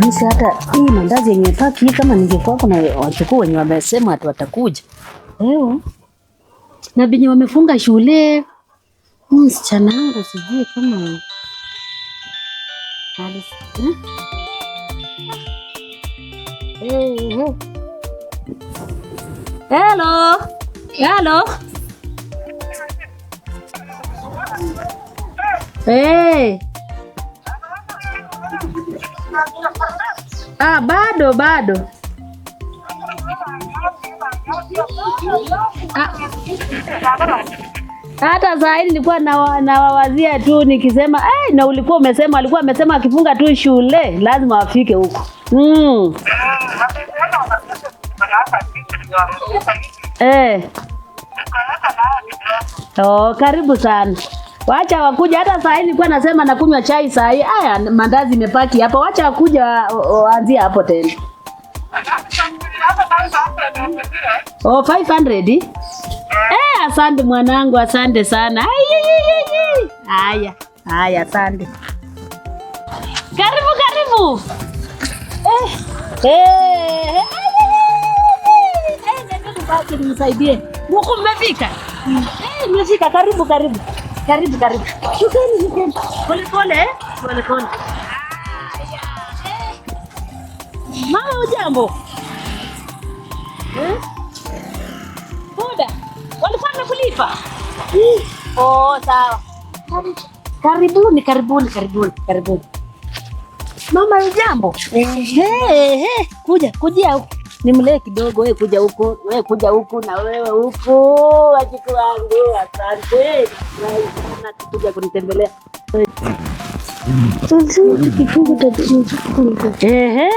Nahisi hata hii mandazi yenye paki kama ningekuwa kuna wachukuu wenye wamesema watu watakuja leo na venye wamefunga shule, msichana wangu sijui kama Hello. Hello. Hey. Ah, bado bado. Ah. Hata saa hii nilikuwa nawawazia na tu nikisema eh, na ulikuwa umesema alikuwa amesema akifunga tu shule lazima wafike huko mm. Eh. Oh, karibu sana. Wacha wakuja hata saa hii nilikuwa nasema nakunywa chai saa hii. Aya, mandazi imepaki hapa. Wacha wakuja waanzie hapo tena. Oh, 500. Eh, asante mwanangu, asante sana. Haya, haya, asante. Karibu, karibu. Eh, eh, eh, nisaidie. Huko mmefika? Eh, mmefika, karibu, karibu. Karibu, karibu. Pole pole, pole pole. Mama, ujambo? Eh? Boda, walikuwa kulipa? Oh, sawa. Karibuni, karibuni, karibuni, karibuni. Mama, ujambo? Eh. Kuja, kuja huku nimlee kidogo, wewe kuja huku, wewe kuja huku na wewe huku, wajukuu wangu. Asante kuja kunitembelea. Ehe,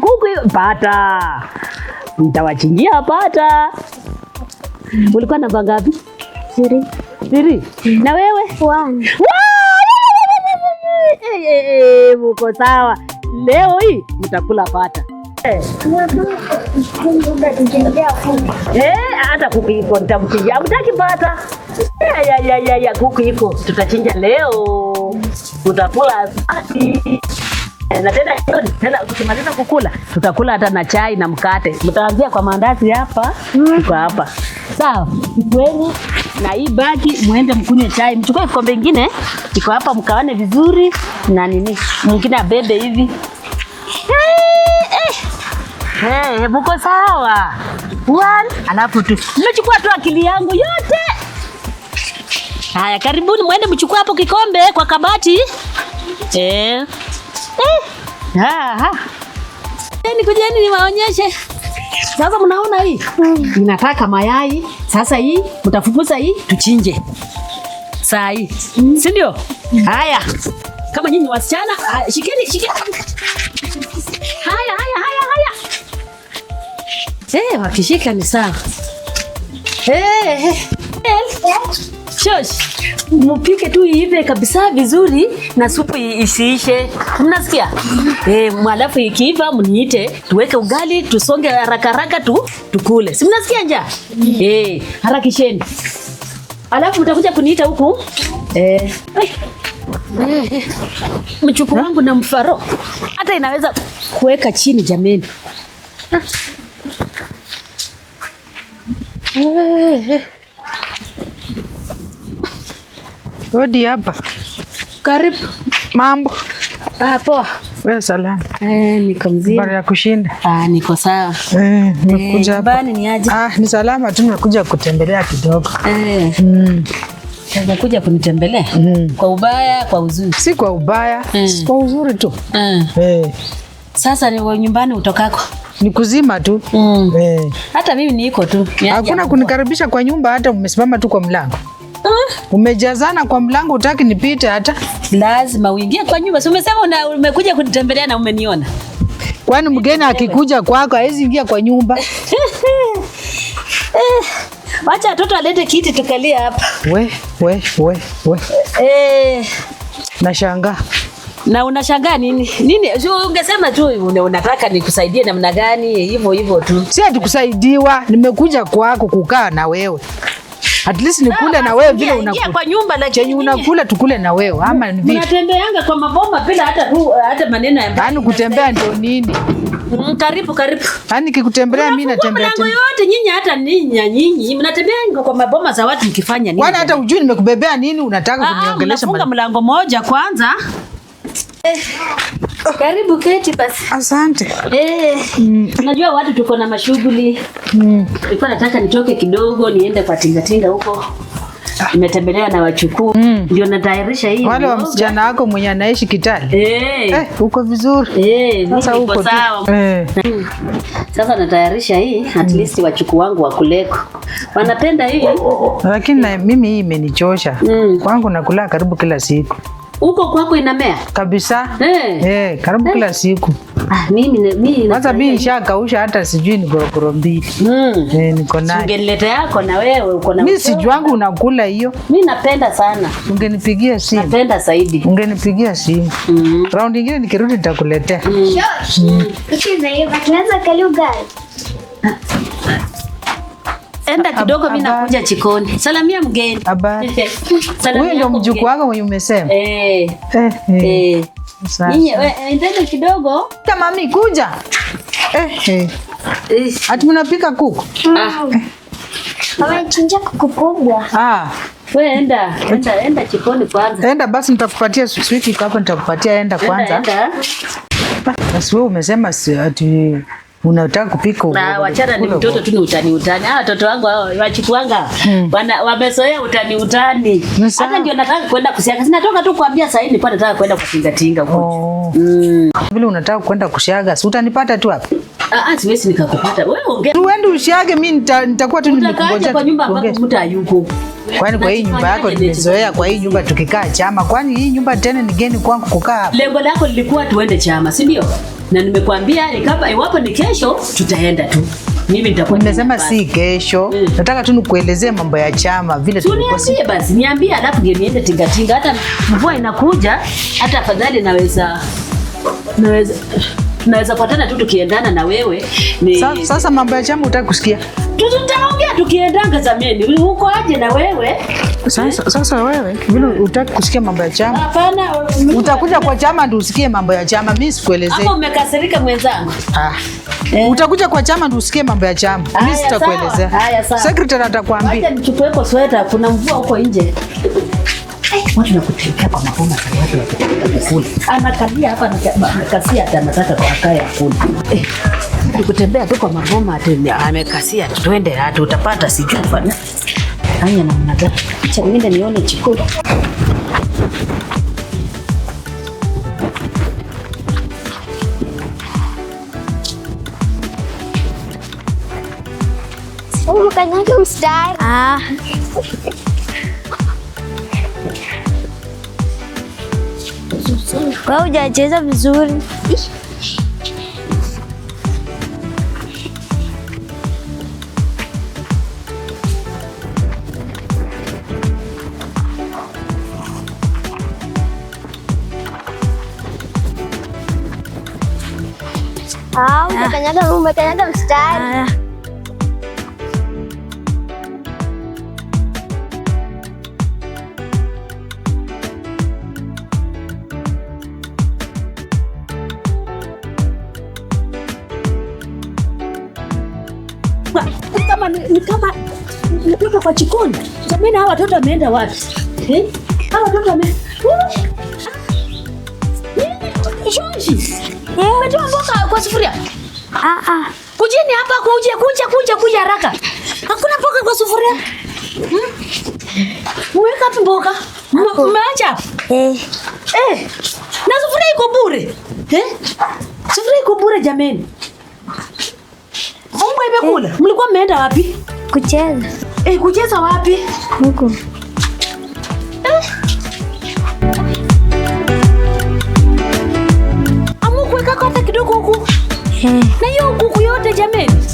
kuku pata, nitawachinjia pata. Ulikuwa namba ngapi? Siri. Siri. Na wewe? One. Muko sawa. Leo hii mtakula pata. Eh, hata kuku iko nitamchinja, hamtaki pata ya kuku iko tutachinja leo, utakula eh, na tena tena tukimaliza kukula tutakula hata na chai na mkate. Mtaanzia kwa mandazi hapa kwa hapa, sawa? Kweni na hii baki, mwende mkunywe chai, mchukue kikombe ingine iko hapa, mkawane vizuri na nini, mwingine abebe hivi. Hey, muko sawa? One, alafu tu nimechukua tu akili yangu yote. Haya, karibuni mwende mchukua hapo kikombe kwa kabati. Eh. Eh. Ah. Ni kujeni niwaonyeshe. Sasa mnaona hii? Mm. Inataka mayai. Sasa hii mtafukuza hii tuchinje. Sasa hii. Mm. Si ndio? Mm. Haya. Kama nyinyi wasichana, shikeni shikeni. Hey, eh, wakishika ni sawa. Hey, eh, eh, Shosh, mupike tu iive kabisa vizuri na supu isiishe. Mnasikia? Eh, mwalafu ikiiva mniite tuweke ugali tusonge haraka haraka tu tukule. Si mnasikia njaa? Eh, harakisheni. Alafu utakuja kuniita huku. Eh, mchuku wangu na mfaro hata inaweza kuweka chini jameni. Odi hapa. Karibu. Mambo. Ah, poa. Wewe salama. Eh, niko mzima. Bara ya kushinda. Ah, niko sawa. Eh, nimekuja eh, hapa. Bani ni aje? Ah, ni salama tu nimekuja kutembelea kidogo. Eh. Mm. Umekuja kunitembelea? Mm. Kwa ubaya, kwa uzuri. Si kwa ubaya, mm. Si kwa uzuri tu. Mm. Eh. Sasa ni nyumbani utokako? ni kuzima tu mm. Eh. Hata mimi niko tu, yaani hakuna kunikaribisha kwa nyumba, hata umesimama tu kwa mlango ah. umejazana kwa mlango, utaki nipite, hata lazima uingie kwa nyumba. Si umesema una umekuja kunitembelea na umeniona? Kwani mgeni akikuja kwako hawezi ingia kwa nyumba? Wacha watoto alete kiti tukalie hapa. We, we, we, we. Eh. Nashangaa na unashangaa nini nini? Ungesema tu unataka nikusaidie namna gani? Hivyo hivyo tu, si atukusaidiwa. Nimekuja kwako kukaa na wewe at least ni kule ah, na wewe vile unakula kwa nyumba, lakini unakula tukule na wewe ama ni vipi? Unatembeanga kwa maboma bila hata tu hata maneno ya Yaani kutembea ndio nini? Mm, karibu karibu. Yaani kikutembelea mimi natembea tena. Yote nyinyi hata ninyi nyinyi mnatembeanga kwa maboma za watu mkifanya nini? Bwana hata ujui nimekubebea nini unataka ah, ah, kuniongelesha. Unafunga mlango moja kwanza. Eh, karibu keti basi. Asante. Eh, mm. Najua watu tuko na mashughuli. Mm. Nilikuwa nataka nitoke kidogo niende kwa tingatinga huko. Nimetembelewa na wachukuu. Mm. Ndio natayarisha hii. Wale wa msichana wako mwenye anaishi Kitale. Eh. Hey, eh, uko vizuri. Eh, sasa uko sawa. Hey. Eh. Hmm. Sasa natayarisha hii at mm. least wachukuu wangu wakuleko Wanapenda hii. Lakini mimi hii imenichosha. Mm. Kwangu nakula karibu kila siku. Huko kwako inamea kabisa hey. Eh. Eh, hey, karibu hey. Eh. Kila siku ah, mimi kwanza mimi nishakausha hata sijui ni gorogoro mbili mm. Hey, niko nayo ungeleta yako na wewe uko na mimi sijui wangu unakula hiyo. Mimi napenda sana, ungenipigia simu. Napenda zaidi ungenipigia simu mm. Round nyingine nikirudi nitakuletea mm. mm enda kidogo, mimi nakuja chikoni. Salamia mgeni. Huyu ndio mjukuu wako mwenye umesema. Eh. Eh. Eh. eh. Ninyi endeni kidogo. Mami kuja. Eh, eh. Eh. Ati mnapika kuku? Ah. Wamechinja ah. kuku kubwa. Ah. Wewe enda, enda, enda chikoni kwanza. Enda basi nitakupatia swiki hapo, nitakupatia enda kwanza. Enda, Basi wewe umesema ati Unataka kupika ugali? na wachana ni mtoto tu, ni utani utani. Ah, watoto wangu hao wachikwanga hmm. wana wamesoea utani utani, hata ndio nataka kwenda kusiaga, Sina toka tu kuambia sasa hivi nilikuwa nataka kwenda kusinga tinga huko mm. Vile unataka kwenda kushaga, si utanipata tu hapa? Ah, ah, siwezi nikakupata wewe, ongea tu, wende ushage, mimi nitakuwa tu nimekungoja. kwa nyumba ambapo mtu hayuko. Kwani kwa hii nyumba yako nimezoea, kwa hii nyumba tukikaa chama. Kwani hii nyumba tena ni geni kwangu kukaa hapa? Lengo lako lilikuwa tuende chama, si ndio? na nimekwambia kama iwapo ni kesho tutaenda tu. Mimi nitakuwa nimesema si kesho mm. Nataka tu nikuelezee mambo ya chama vile tuniambie, basi niambie, alafu niende tinga tinga. Hata mvua inakuja, hata afadhali naweza naweza naweza kuatana tu tukiendana na wewe ni... Sasa, sasa mambo ya chama utaki kusikia tutaongea tukiendanga zamani. Uko aje na wewe? Sasa, sasa wewe vile hmm. utaki kusikia mambo ya chama. Hapana, utakuja kwa chama ndio usikie mambo ya chama. Mimi sikuelezei. Hapo umekasirika mwenzangu. Ah. Eh. Utakuja kwa chama ndio usikie mambo ya chama. Mimi sitakuelezea. Haya sawa. Secretary atakwambia. Acha nichukue hapo sweta, kuna mvua huko nje. Watu kutikia kwa mapoma sana watu na wakitaka kukula. Anakalia hapa na kasi hata anataka kwa kaya kula. Eh ni kutembea tu kwa maboma, ati amekasia twende, hata utapata sijui fanya haya namna gani, acha niende nione chikula Mukanyake oh, mstari. Ah. Wewe hujacheza vizuri. Umekanyaga, umekanyaga mstari. Kama ni kama nitoka kwa chikoni jamani, hawa watoto wameenda wapi? Hawa watoto wame Eh, Umetoa mboka kwa sufuria? Ah ah. Kujeni hapa kuje kuja kuja kuja haraka. Hakuna mboka kwa sufuria. Hmm? Weka hapo mboka. Umeacha? Eh. Eh. Na sufuria iko bure. Eh? Sufuria iko bure jameni. Mbona imekula. Eh. Mlikuwa mmeenda wapi? Kucheza. Eh, kucheza wapi? Huko. na hiyo kuku yote jameni